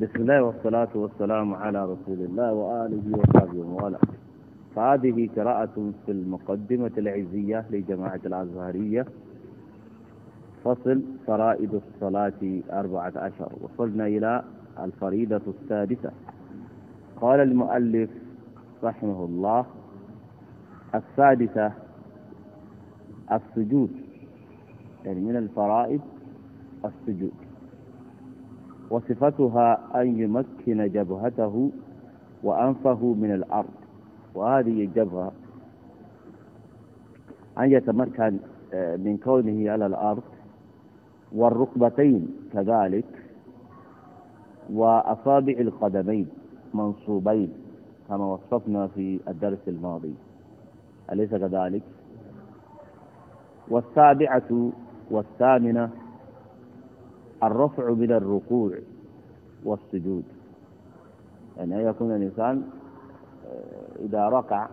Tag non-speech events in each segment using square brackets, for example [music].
بسم الله والصلاة والسلام على رسول الله وآله وصحبه ومواله فهذه قراءة في المقدمة العزية لجماعة الأزهرية فصل فرائد الصلاة أربعة عشر وصلنا إلى الفريضة السادسة قال المؤلف رحمه الله السادسة السجود يعني من الفرائض السجود وصفتها أن يمكن جبهته وأنفه من الأرض وهذه الجبهة أن يتمكن آه، من كونه على الأرض والركبتين كذلك وأصابع القدمين منصوبين كما وصفنا في الدرس الماضي أليس كذلك والسابعة والثامنة الرفع من الركوع والسجود يعني أن يكون الإنسان آه، إذا ركع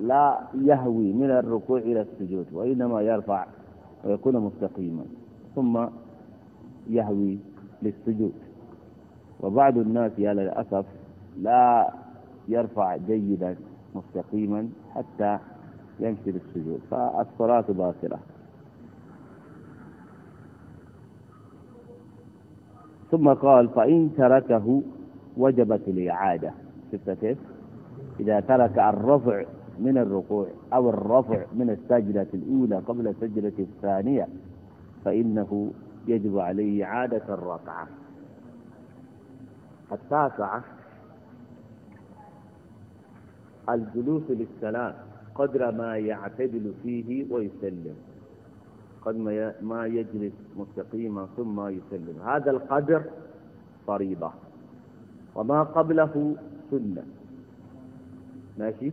لا يهوي من الركوع إلى السجود وإنما يرفع ويكون مستقيما ثم يهوي للسجود وبعض الناس على الأسف لا يرفع جيدا مستقيما حتى يمشي للسجود فالصلاة باطلة ثم قال فإن تركه وجبت الإعادة شفت كيف؟ إذا ترك الرفع من الركوع أو الرفع من السجدة الأولى قبل السجدة الثانية فإنه يجب عليه إعادة الركعة التاسعة الجلوس للسلام قدر ما يعتدل فيه ويسلم قد ما يجلس مستقيما ثم يسلم هذا القدر فريضة وما قبله سنة ماشي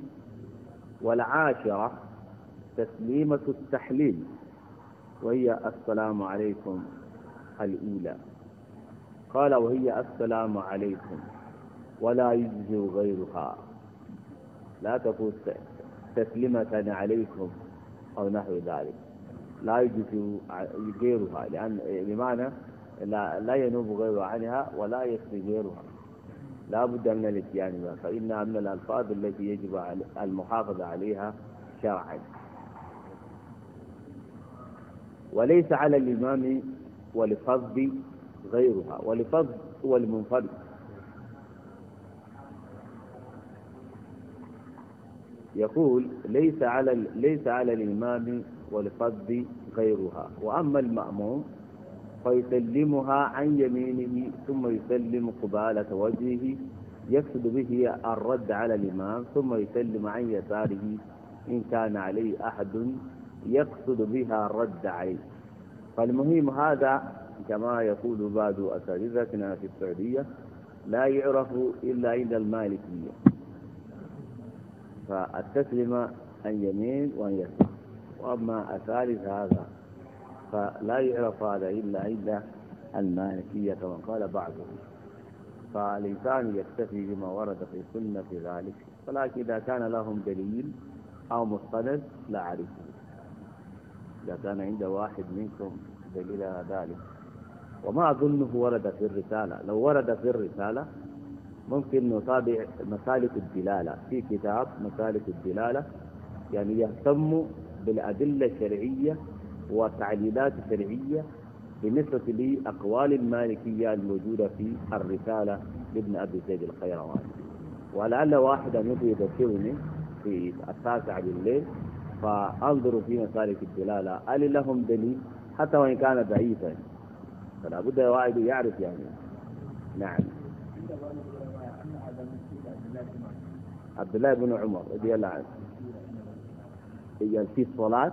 والعاشرة تسليمة التحليل وهي السلام عليكم الأولى قال وهي السلام عليكم ولا يجزي غيرها لا تقول تسلمة عليكم أو نحو ذلك لا يجوز غيرها لأن بمعنى لا, لا ينوب غيرها عنها ولا يكفي غيرها لا بد من الاتيان بها فإنها من الألفاظ التي يجب المحافظة عليها شرعا وليس على الإمام ولفظ غيرها ولفظ هو المنفرد يقول ليس على ليس على الإمام والفض غيرها وأما المأموم فيسلمها عن يمينه ثم يسلم قبالة وجهه يقصد به الرد على الإمام ثم يسلم عن يساره إن كان عليه أحد يقصد بها الرد عليه فالمهم هذا كما يقول بعض أساتذتنا في السعودية لا يعرف إلا عند المالكية فالتسلم عن يمين وعن يسار وأما الثالث هذا فلا يعرف هذا إلا عند المالكية كما قال بعضهم فالإنسان يكتفي بما ورد في سنة في ذلك ولكن إذا كان لهم دليل أو مستند لا أعرفه إذا كان عند واحد منكم دليل على ذلك وما أظنه ورد في الرسالة لو ورد في الرسالة ممكن نتابع مسالك الدلالة في كتاب مسالك الدلالة يعني يهتم بالأدلة الشرعية وتعليلات شرعية بالنسبة لأقوال المالكية الموجودة في الرسالة لابن أبي زيد الخيروان ولعل واحدا يبغي يذكرني في التاسع بالليل فأنظروا في مسالك الدلالة هل لهم دليل حتى وإن كان ضعيفا فلا بد الواحد يعرف يعني نعم عبد الله بن عمر رضي الله عنه يجعل فيه صلاة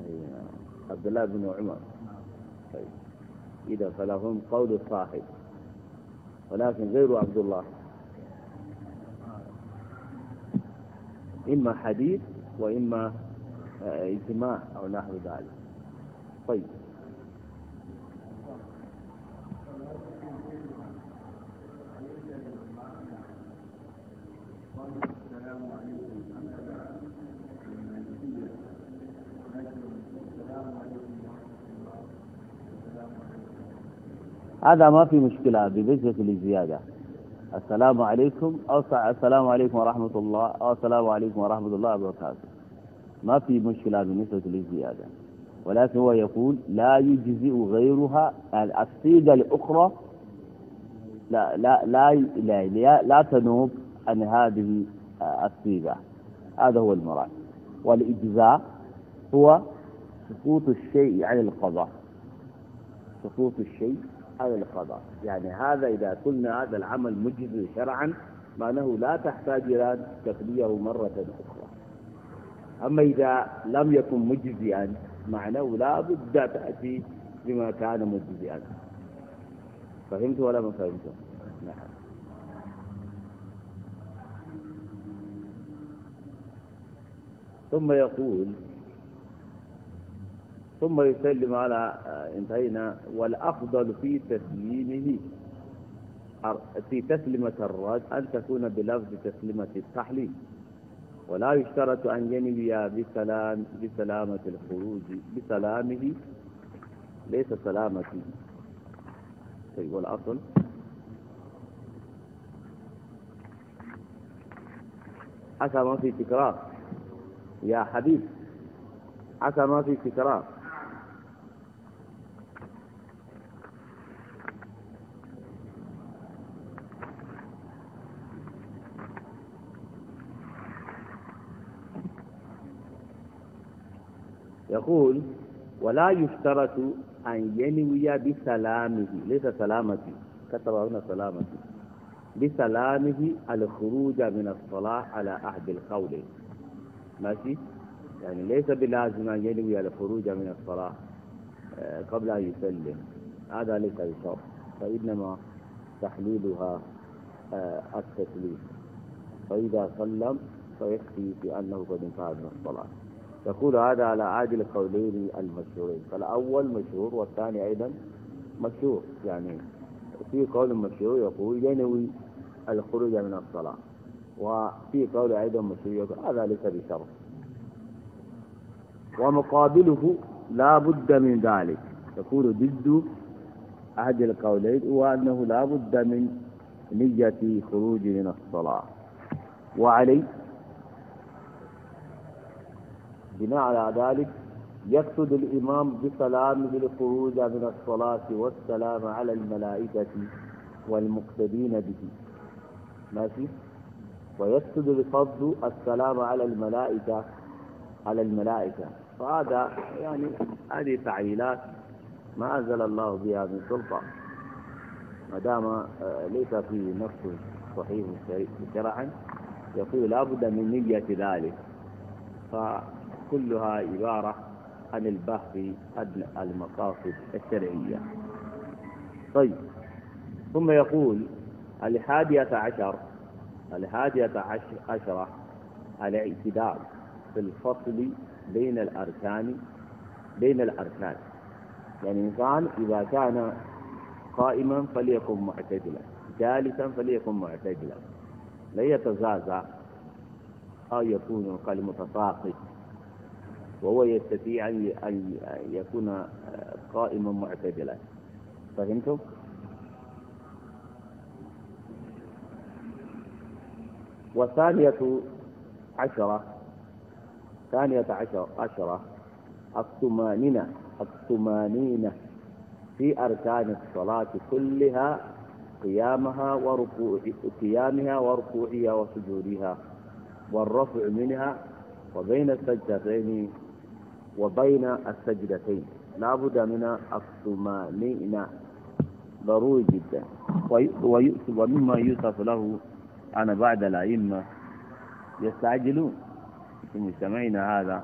أيوة. عبد الله بن عمر طيب إذا فلهم قول الصاحب ولكن غير عبد الله إما حديث وإما آه، اجتماع أو نحو ذلك طيب هذا ما في مشكلة بنسبة للزيادة السلام عليكم أو السلام عليكم ورحمة الله أو السلام عليكم ورحمة الله وبركاته ما في مشكلة بالنسبة للزيادة ولكن هو يقول لا يجزئ غيرها يعني الصيغة الأخرى لا لا لا لا, لا, لا تنوب عن هذه الصيغة هذا هو المراد والإجزاء هو سقوط الشيء عن القضاء سقوط الشيء أو القضاء يعني هذا إذا قلنا هذا العمل مجزي شرعا معناه لا تحتاج إلى تقديره مرة أخرى أما إذا لم يكن مجزيا معناه لا بد تأتي بما كان مجزيا فهمت ولا ما فهمت نعم ثم يقول ثم يسلم على آه، انتهينا والأفضل في تسليمه في تسلمة الرد أن تكون بلفظ تسلمة التحليل ولا يشترط أن ينوي بسلام بسلامة الخروج بسلامه ليس سلامته طيب والأصل عسى ما في تكرار يا حبيب عسى ما في تكرار يقول ولا يشترط أن ينوي بسلامه ليس سلامتي كتب هنا سلامتي بسلامه الخروج من الصلاة على أحد القولين ماشي يعني ليس بلازم أن ينوي الخروج من الصلاة آه، قبل أن يسلم هذا ليس يشرط فإنما تحليلها آه، التسليم فإذا سلم فيكفي بأنه قد انتهى من الصلاة يقول هذا على عاد القولين المشهورين فالأول مشهور والثاني أيضا مشهور يعني في قول مشهور يقول ينوي الخروج من الصلاة وفي قول أيضا مشهور يقول هذا ليس بشرط ومقابله لا بد من ذلك يقول ضد أحد القولين هو أنه لا بد من نية خروج من الصلاة وعليه بناء على ذلك يقصد الإمام بسلامه الخروج من الصلاة والسلام على الملائكة والمقتدين به ماشي ويقصد بفضل السلام على الملائكة على الملائكة فهذا يعني هذه تعليلات ما أنزل الله بها من سلطة ما دام آه، ليس فيه نص صحيح شرعا يقول لابد من نية ذلك ف كلها عبارة عن البحث عن المقاصد الشرعية طيب ثم يقول الحادية عشر الحادية عشرة الاعتدال في الفصل بين الأركان بين الأركان يعني الإنسان إذا كان قائما فليكن معتدلا جالسا فليكن معتدلا لا يتزازع أو يكون كالمتساقط متساقط وهو يستطيع أن يكون قائما معتدلا فهمتم؟ والثانية عشرة ثانية عشرة, عشرة الطمأنينة الطمأنينة في أركان الصلاة كلها قيامها وركوع قيامها وركوعها وسجودها والرفع منها وبين السجدتين وبين السجدتين لا بد من الطمأنينة ضروري جدا ومما يوصف له أنا بعد الأئمة يستعجلون في مجتمعنا هذا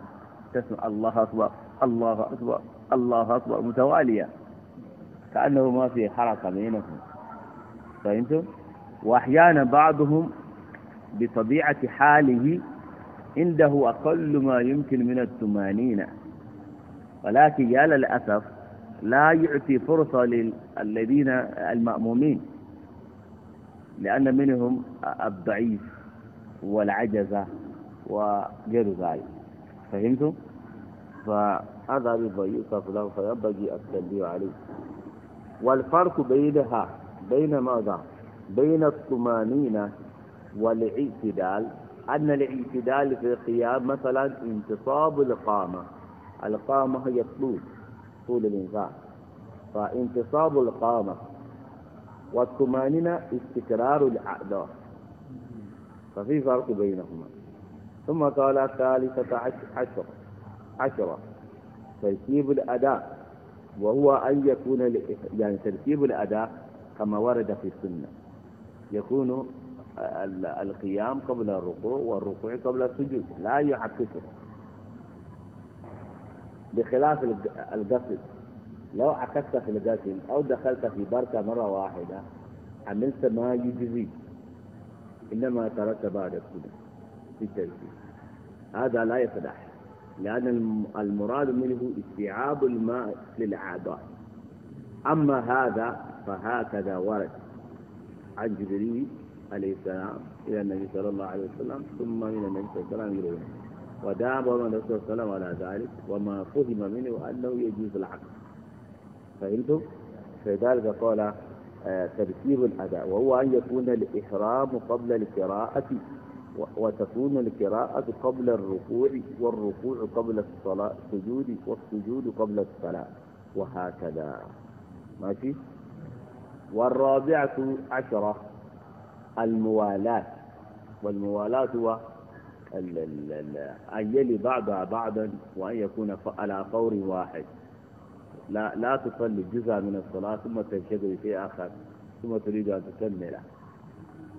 تسمع الله أكبر الله أكبر الله أكبر متوالية كأنه ما في حركة بينهم فهمتم؟ وأحيانا بعضهم بطبيعة حاله عنده أقل ما يمكن من الطمأنينة ولكن يا للأسف لا يعطي فرصة للذين المأمومين لأن منهم الضعيف والعجزة وغير ذلك فهمتم؟ فهذا يوصف له فينبغي التنبيه عليه والفرق بينها بين ماذا؟ بين الطمأنينة والاعتدال أن الاعتدال في القيام مثلا انتصاب القامة القامة هي الطول طول الإنسان فانتصاب القامة والطمأنينة استقرار الأعداء ففي فرق بينهما ثم قال الثالثة عشرة عشرة ترتيب الأداء وهو أن يكون يعني ترتيب الأداء كما ورد في السنة يكون القيام قبل الركوع والركوع قبل السجود لا يعكسه بخلاف القصد لو عكست في القصد أو دخلت في بركة مرة واحدة عملت ما يجزي إنما تركت بعد كده في التركيب هذا لا يصلح لأن المراد منه استيعاب الماء للأعضاء أما هذا فهكذا ورد عن جبريل عليه السلام إلى النبي صلى الله عليه وسلم ثم من النبي صلى الله عليه وسلم إلى وداوم الرسول صلى الله عليه وسلم على ذلك وما فهم منه أنه يجوز العقد فهمتم؟ فلذلك قال آه، ترتيب الأداء وهو أن يكون الإحرام قبل القراءة وتكون القراءة قبل الركوع والركوع قبل الصلاة السجود والسجود قبل الصلاة وهكذا ماشي والرابعة عشرة الموالاة والموالاة هو أن يلي بعضها بعضا وأن يكون على فور واحد لا لا تصلي جزء من الصلاة ثم تنشغل في آخر ثم تريد أن تكمله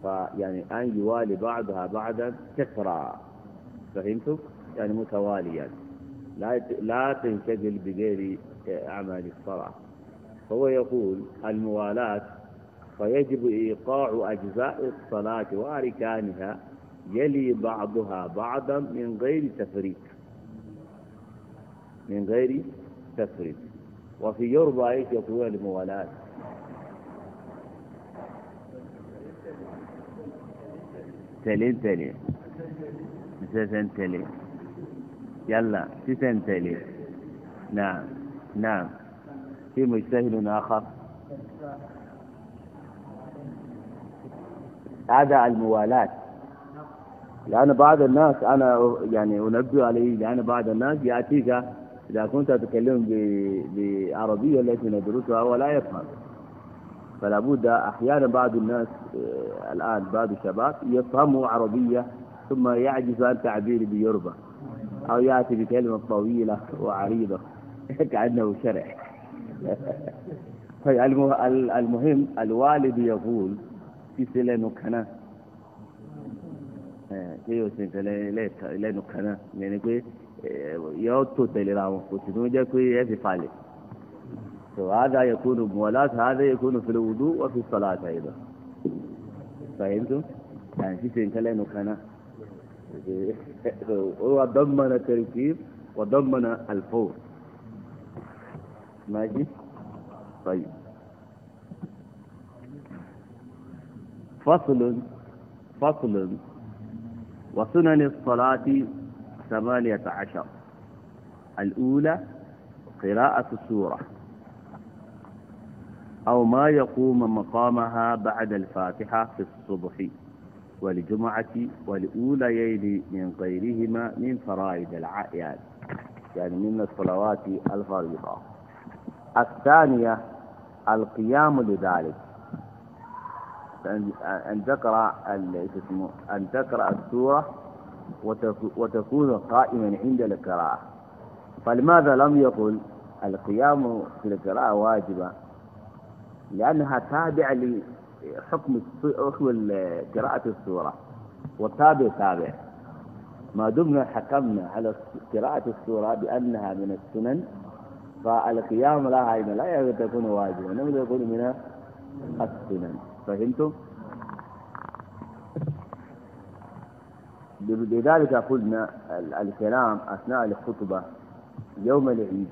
فيعني أن يوالي بعضها بعضا كثرة فهمتم؟ يعني متواليا لا لا تنشغل بغير أعمال الصلاة فهو يقول الموالاة فيجب إيقاع أجزاء الصلاة وأركانها يلي بعضها بعضا من غير تفريق من غير تفريق وفي يربى ايش يقولون الموالاة تلين تلين سسن تلين يلا سسن تلين نعم نعم في مجتهد آخر هذا الموالاة لأن بعض الناس أنا يعني أنبه عليه لأن بعض الناس يأتيك إذا كنت تتكلم بالعربية التي ندرسها ولا يفهم فلا بد أحيانا بعض الناس آه، الآن بعض الشباب يفهموا عربية ثم يعجز عن تعبير بيربة أو يأتي بكلمة طويلة وعريضة [laughs] كأنه شرع [laughs] المهم الوالد يقول في سلة نكنه ṣé yóò ṣe nǹkan lẹ́nu kan náà ìyẹn ni pé yóò tó tẹ̀léra wọn kò sì tún jẹ́ pé ẹ fi falẹ̀ tó àádá yẹkùnù mọ̀ láti àádá yẹkùnù fìlẹ̀ wùdú wọ́n fi sọ̀rọ̀ àgbà yìí lọ. sàyẹn tó sàyẹn ṣíṣe nǹkan lẹ́nu kan náà ó wà dọ́mọ̀nà tẹ̀rìkì wà dọ́mọ̀nà àlùfò. ماشي طيب فصل فصل وسنن الصلاة ثمانية عشر الأولى قراءة السورة أو ما يقوم مقامها بعد الفاتحة في الصبح والجمعة والأوليين من غيرهما من فرائض الأعياد يعني من الصلوات الفريضة الثانية القيام لذلك أن تقرأ أن تقرأ السورة وتكون قائما عند القراءة فلماذا لم يقل القيام في القراءة واجبة لأنها تابعة لحكم حكم قراءة السورة والتابع تابع ما دمنا حكمنا على قراءة السورة بأنها من السنن فالقيام لها لا تكون واجبة إنما تكون من السنن فهمتم؟ لذلك قلنا الكلام أثناء الخطبة يوم العيد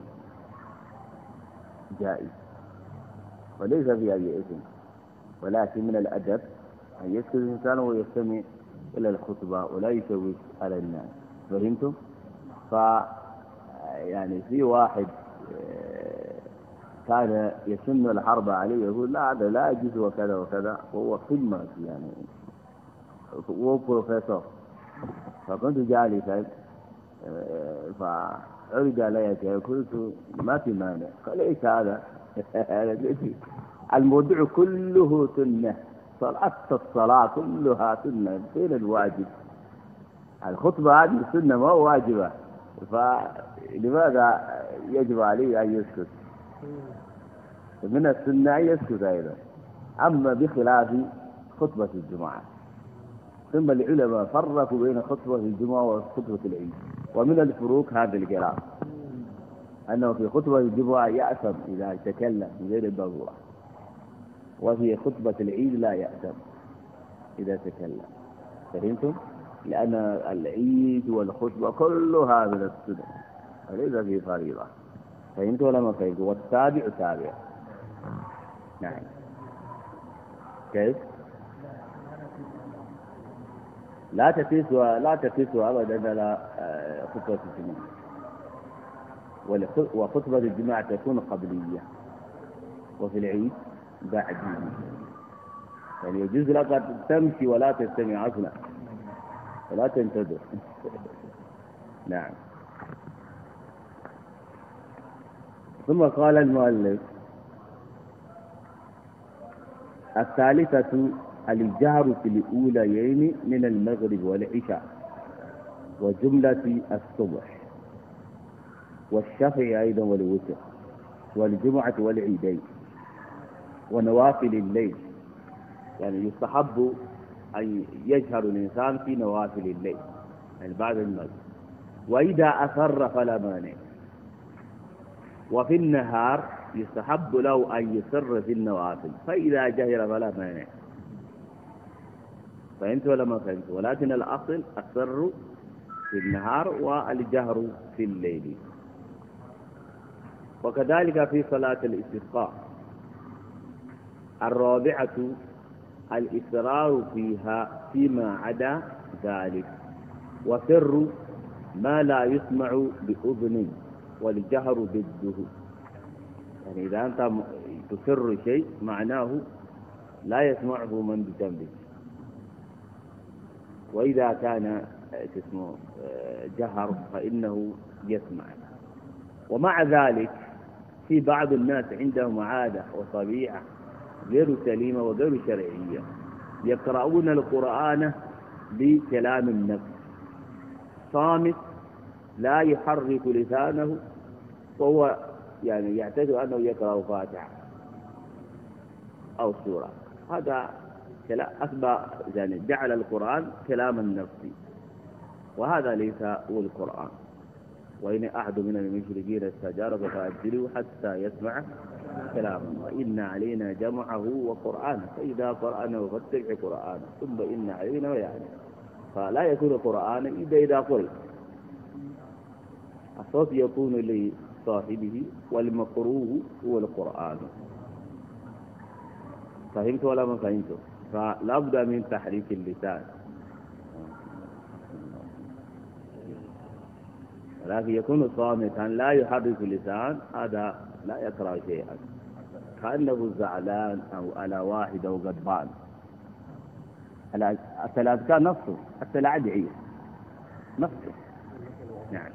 جائز وليس في أي إثم ولكن من الأدب أن يسكت الإنسان ويستمع إلى الخطبة ولا يشوش على الناس فهمتم؟ ف يعني في واحد كان يسن الحرب عليه يقول لا هذا لا يجوز وكذا وكذا وهو قمة يعني هو بروفيسور فكنت جالسا فعرج علي قلت ما في مانع قال ايش هذا؟ [laughs] الموضوع كله سنه صلاة الصلاة كلها سنة غير الواجب الخطبة هذه سنة ما هو واجبة فلماذا يجب علي أن يسكت من السنة يسكت أيضا أما بخلاف خطبة الجمعة ثم العلماء فرقوا بين خطبة الجمعة وخطبة العيد ومن الفروق هذا الكلام أنه في خطبة الجمعة يأثم إذا تكلم من غير الضرورة وفي خطبة العيد لا يأثم إذا تكلم فهمتم؟ لأن العيد والخطبة كلها من السنة وليس في فريضة فهمت ولا ما فهمت والتابع تابع نعم كيف لا تفيسها لا تفيسها أبدا على آه، خطبة الجمعه وخطبة الجمعه تكون قبلية وفي العيد بعديه يعني يجوز لك تمشي ولا تستمع أصلا ولا تنتظر [laughs] نعم ثم قال المؤلف الثالثة الجهر في الأوليين من المغرب والعشاء وجملة الصبح والشفع أيضا والوتر والجمعة والعيدين ونوافل الليل يعني يستحب أن يجهر الإنسان في نوافل الليل يعني بعد المغرب وإذا أسر فلا مانع وفي النهار يستحب له أن يسر في النوافل فإذا جهل فلا مانع فهمت ولا ما فهمت ولكن الأصل السر في النهار والجهر في الليل وكذلك في صلاة الاستسقاء الرابعة الإسرار فيها فيما عدا ذلك وسر ما لا يسمع بأذن والجهر ضده يعني إذا أنت تسر شيء معناه لا يسمعه من بجنبك وإذا كان اسمه جهر فإنه يسمع ومع ذلك في بعض الناس عندهم عادة وطبيعة غير سليمة وغير شرعية يقرؤون القرآن بكلام النفس صامت لا يحرك لسانه وهو يعني يعتقد أنه يقرأ فاتحة أو سورة هذا كلام أثبى يعني جعل القرآن كلاما نفسي وهذا ليس هو القرآن وإن أحد من المشركين استجار فأجلوا حتى يسمع كلاما وإن علينا جمعه وقرآنه فإذا قرآنه فاتبع قرآنه ثم إن علينا ويعني فلا يكون قرآنا إلا إذا قرئ الصوت يكون لي صاحبه والمكروه هو القرآن فهمت ولا ما فهمت فلا بد من تحريك اللسان ولكن يكون صامتا لا يحرك اللسان هذا لا يكره شيئا كأنه زعلان أو على واحد أو غضبان الثلاث كان نفسه حتى لا عاد نفسه نعم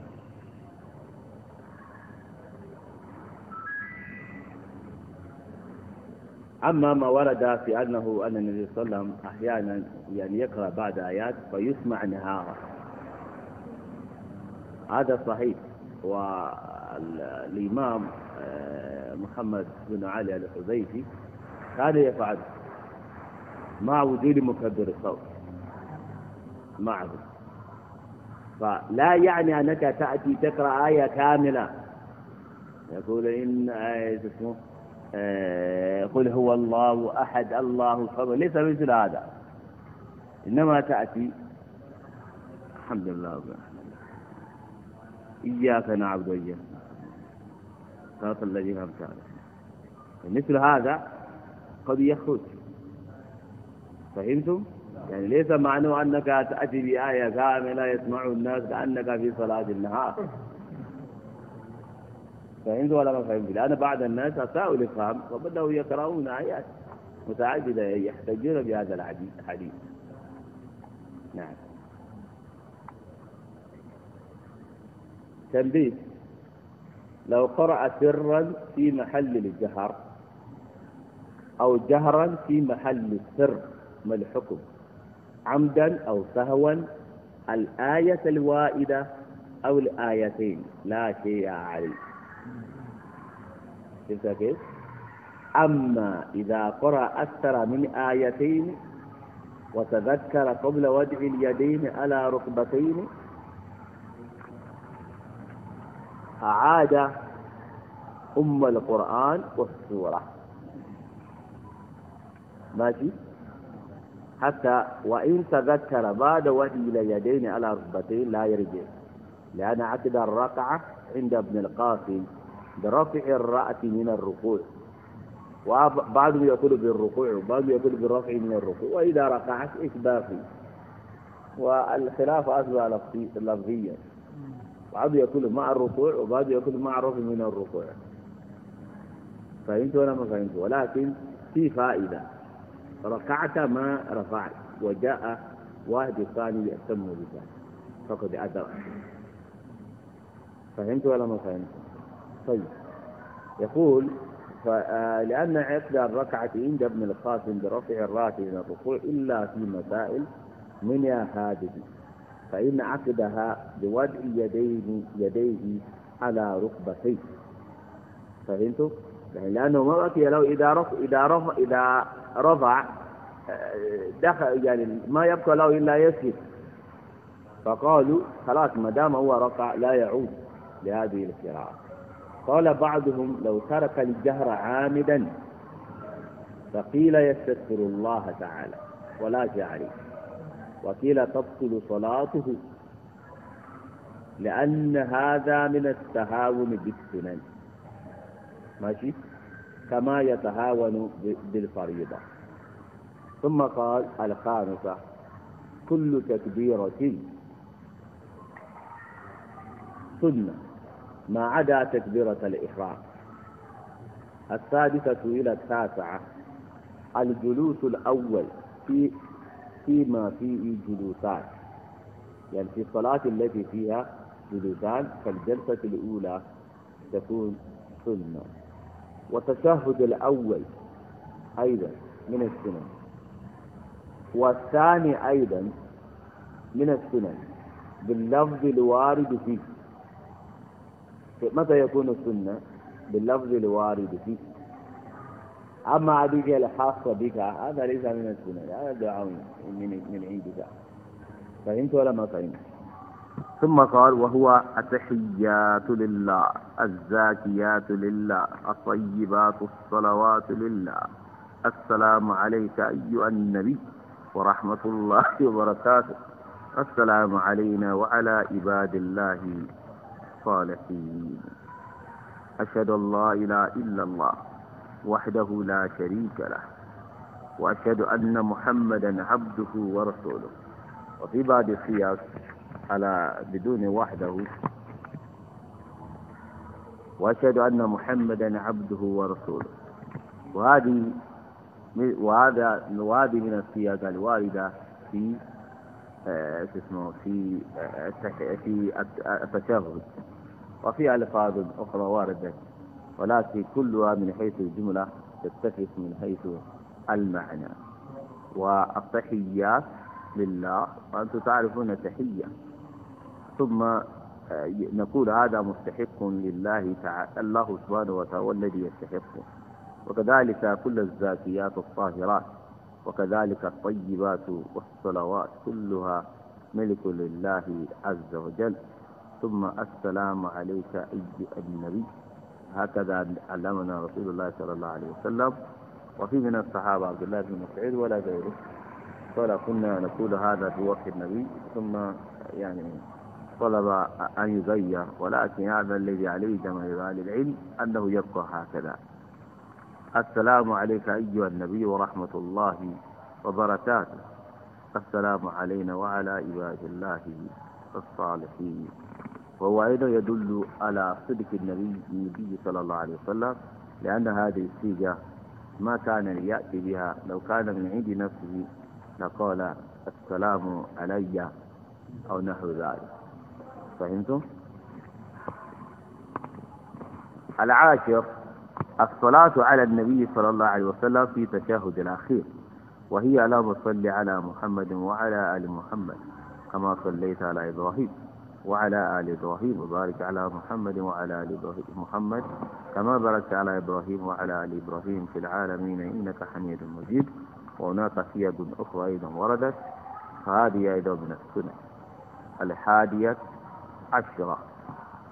أما ما ورد في أنه أن النبي صلى الله عليه وسلم أحيانا يعني يقرأ بعض آيات فيسمع نهارا هذا صحيح والإمام آه، محمد بن علي الحذيفي كان يفعل مع وجود مكبر الصوت معه فلا يعني أنك تأتي تقرأ آية كاملة يقول إن آية اسمه آه، قل هو الله أحد الله الصمد ليس مثل هذا إنما تأتي الحمد لله إياك نعبد وإياك صراط الذي أنعمت مثل هذا قد يخرج فهمتم؟ يعني ليس معنى أنك تأتي بآية كاملة يسمع الناس كأنك في صلاة النهار فهمت ولا ما فهمت لأن بعض الناس أساءوا الإفهام وبدأوا يقرؤون آيات متعددة يحتجون بهذا الحديث نعم تنبيه لو قرأ سرا في محل الجهر أو جهرا في محل السر ما الحكم عمدا أو سهوا الآية الوائدة أو الآيتين لا شيء عليه كيف كيف؟ أما إذا قرأ أكثر من آيتين وتذكر قبل وضع اليدين على ركبتين أعاد أم القرآن والسورة ماشي حتى وإن تذكر بعد وضع اليدين على ركبتين لا يرجع لأن عقد الركعة عند ابن القاسم برفع الرأس من الركوع وبعضهم يقول بالركوع وبعضهم يقول بالرفع من الركوع وإذا ركعت إيش باقي والخلاف أصبح لفظيا بعض يقول مع الركوع وبعض يقول مع الرفع من الركوع فهمت ولا ما فهمت ولكن في فائدة ركعت ما رفعت وجاء واحد الثاني يأتم بذلك فقد أدرك فهمت ولا ما فهمت طيب يقول لأن عقد الركعة عند ابن القاسم برفع الراتب من الركوع إلا في مسائل من هذه فإن عقدها بوضع يديه يديه على ركبتيه فهمتوا؟ يعني لأنه ما بقي لو إذا رفع إذا رفع إذا رفع دخل يعني ما يبقى له إلا يسجد فقالوا خلاص ما دام هو رفع لا يعود لهذه القراءة قال بعضهم لو ترك الجهر عامدا فقيل يستغفر الله تعالى ولا جعله وقيل تبطل صلاته لأن هذا من التهاون بالسنن ماشي كما يتهاون بالفريضة ثم قال الخامسة كل تكبيرة سنة ما عدا تكبيرة الإحرام السادسة إلى التاسعة الجلوس الأول في فيما فيه جلوسات يعني في الصلاة التي فيها جلوسان فالجلسة الأولى تكون سنة والتشهد الأول أيضا من السنن والثاني أيضا من السنن باللفظ الوارد فيه متى يكون السنة باللفظ الوارد فيه أما هذه الخاصة بك هذا ليس من السنة هذا دعاء من من عندك فهمت ولا ما فهمت؟ ثم قال وهو التحيات لله الزاكيات لله الطيبات الصلوات لله السلام عليك أيها النبي ورحمة الله وبركاته السلام علينا وعلى عباد الله الصالحين أشهد أن لا إله إلا الله وحده لا شريك له وأشهد أن محمدا عبده ورسوله وفي بعض السياق على بدون وحده وأشهد أن محمدا عبده ورسوله وهذه وهذا وهذه من السياق الواردة في آه، شو اسمه في آه، في التشاغب آه، وفي الفاظ أخرى واردة ولكن كلها من حيث الجملة تتفق من حيث المعنى والتحيات لله وأنتم تعرفون تحية ثم نقول هذا مستحق لله تعالى الله سبحانه وتعالى الذي يستحقه وكذلك كل الزاكيات الطاهرات وكذلك الطيبات والصلوات كلها ملك لله عز وجل ثم السلام عليك أيها النبي هكذا علمنا رسول الله صلى الله عليه وسلم وفي من الصحابة عبد الله بن مسعود ولا غيره قال كنا نقول هذا في وقت النبي ثم يعني طلب أن يغير ولكن هذا الذي عليه جمع أهل العلم أنه يبقى هكذا السلام عليك أيها النبي ورحمة الله وبركاته السلام علينا وعلى عباد الله الصالحين وهو أيضا يدل على صدق النبي النبي صلى الله عليه وسلم لأن هذه السيجة ما كان يأتي بها لو كان من عند نفسه لقال السلام علي أو نحو ذلك فهمتم؟ العاشر الصلاة على النبي صلى الله عليه وسلم في تشهد الأخير وهي لا صل على محمد وعلى آل محمد كما صليت على إبراهيم وعلى آل إبراهيم وبارك على محمد وعلى آل إبراهيم محمد كما باركت على إبراهيم وعلى آل إبراهيم في العالمين إنك حميد مجيد وهناك سياق أخرى أيضا وردت فهذه أيضا من السنة الحادية عشرة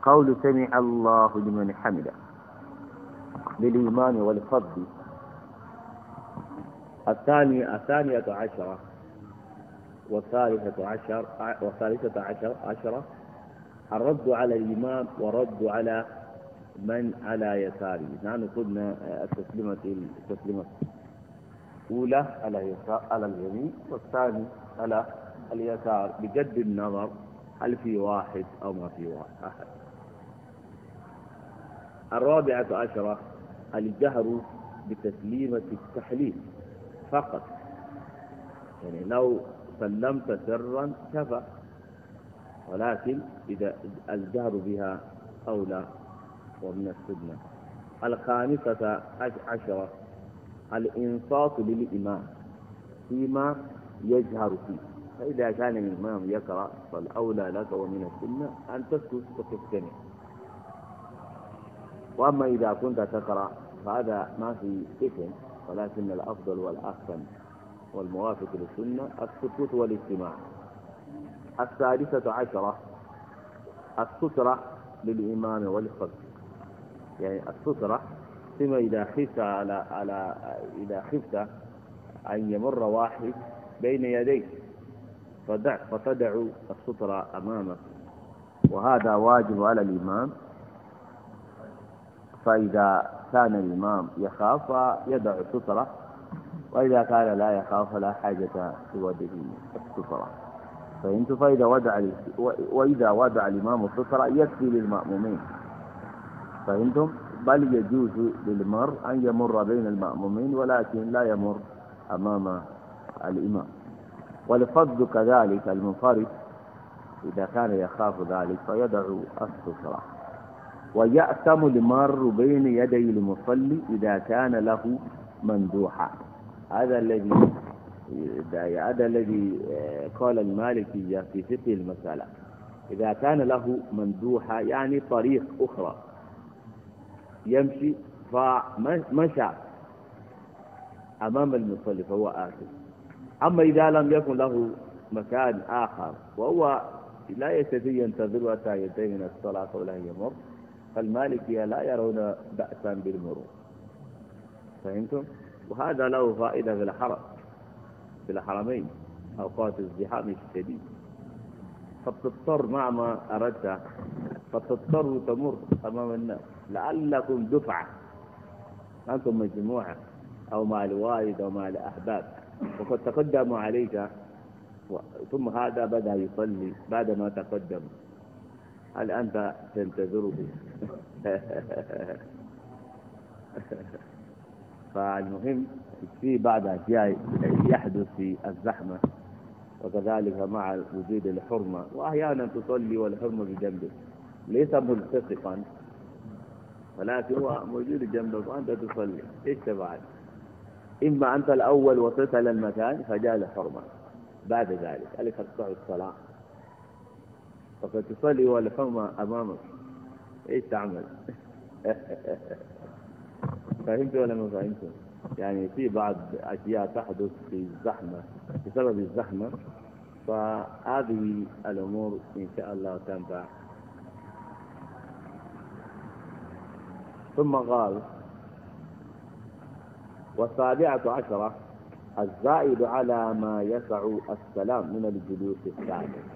قول سمع الله لمن حمده للإيمان والفضل الثانية الثانية عشرة والثالثة عشر والثالثة عشر عشرة الرد على الإمام ورد على من على يساره نحن قلنا التسليمة التسليمة الأولى على يسار على اليمين والثاني على اليسار بجد النظر هل في واحد أو ما في واحد أحد الرابعة عشرة الجهر بتسليمة التحليل فقط يعني لو سلمت سرا كفى ولكن إذا الجهر بها أولى ومن السنة الخامسة عشرة الإنصات للإمام فيما يجهر فيه فإذا كان الإمام يقرأ فالأولى لك ومن السنة أن تسكت وتستمع وأما إذا كنت تقرأ هذا ما في إثم ولكن الأفضل والأحسن والموافق للسنة السكوت والاستماع الثالثة عشرة السترة للإمام وللصدق يعني السترة فيما إذا خفت على على إذا خفت أن يمر واحد بين يديك فدع فتدع السترة أمامك وهذا واجب على الإمام فإذا كان الإمام يخاف فيدع السترة وإذا كان لا يخاف فلا حاجة لوضعه السترة فهمت فإذا وضع وإذا وضع الإمام السترة يكفي للمأمومين فهمتم بل يجوز للمر أن يمر بين المأمومين ولكن لا يمر أمام الإمام والفض كذلك المنفرد إذا كان يخاف ذلك فيدعو السترة ويأتم المار بين يدي المصلي إذا كان له مندوحا هذا الذي هذا الذي آه، قال المالكية في فقه المسألة إذا كان له مندوحة يعني طريق أخرى يمشي فمشى أمام المصلي فهو آخر أما إذا لم يكن له مكان آخر وهو لا يستطيع ينتظر حتى ينتهي من الصلاة ولا يمر فالمالكية لا يرون بأسا بالمرور فهمتم؟ وهذا له فائدة في الحرم في الحرمين أوقات الزحام الشديد فتضطر مع ما أردت فتضطر تمر أمام الناس لعلكم دفعة أنتم مجموعة أو مع الوالد أو مع الأحباب وقد تقدموا عليك ثم هذا بدأ يصلي بعدما تقدم الآن بقى بها فالمهم في بعض أشياء يحدث في الزحمة وكذلك مع وجود الحرمة وأحيانا تصلي والحرمة بجنبك ليس ملتصقا ولكن هو موجود جنبك وأنت تصلي إيش تفعل؟ إما أنت الأول وصلت إلى المكان فجاء الحرمة بعد ذلك قال تقطع الصلاة فقد تصلي والحمى أمامك إيش تعمل؟ فهمت ولا ما فهمت؟ يعني في بعض أشياء تحدث في الزحمة بسبب الزحمة فهذه الأمور إن شاء الله تنفع ثم قال والسابعة عشرة الزائد على ما يسع السلام من الجلوس الثالث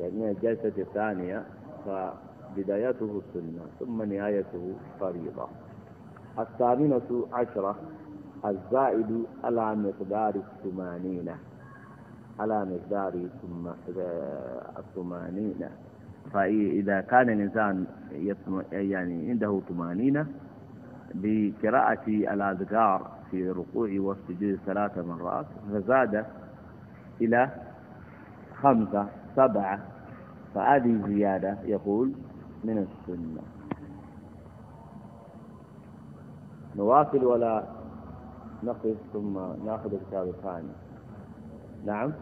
لأن الجلسة الثانية فبدايته سنة ثم نهايته فريضة الثامنة عشرة الزائد على مقدار الثمانينة على مقدار الثمانينة فإذا كان الإنسان يعني عنده ثمانين بقراءة الأذكار في الركوع والسجود ثلاث مرات فزاد إلى خمسة سبعة فهذه زيادة يقول من السنة نواصل ولا نقف ثم ناخذ الكتاب الثاني نعم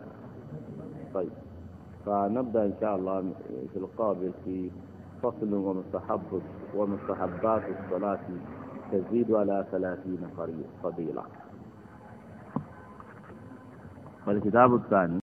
طيب فنبدأ إن شاء الله في القابل في فصل ومستحب ومستحبات الصلاة تزيد على ثلاثين فضيلة والكتاب الثاني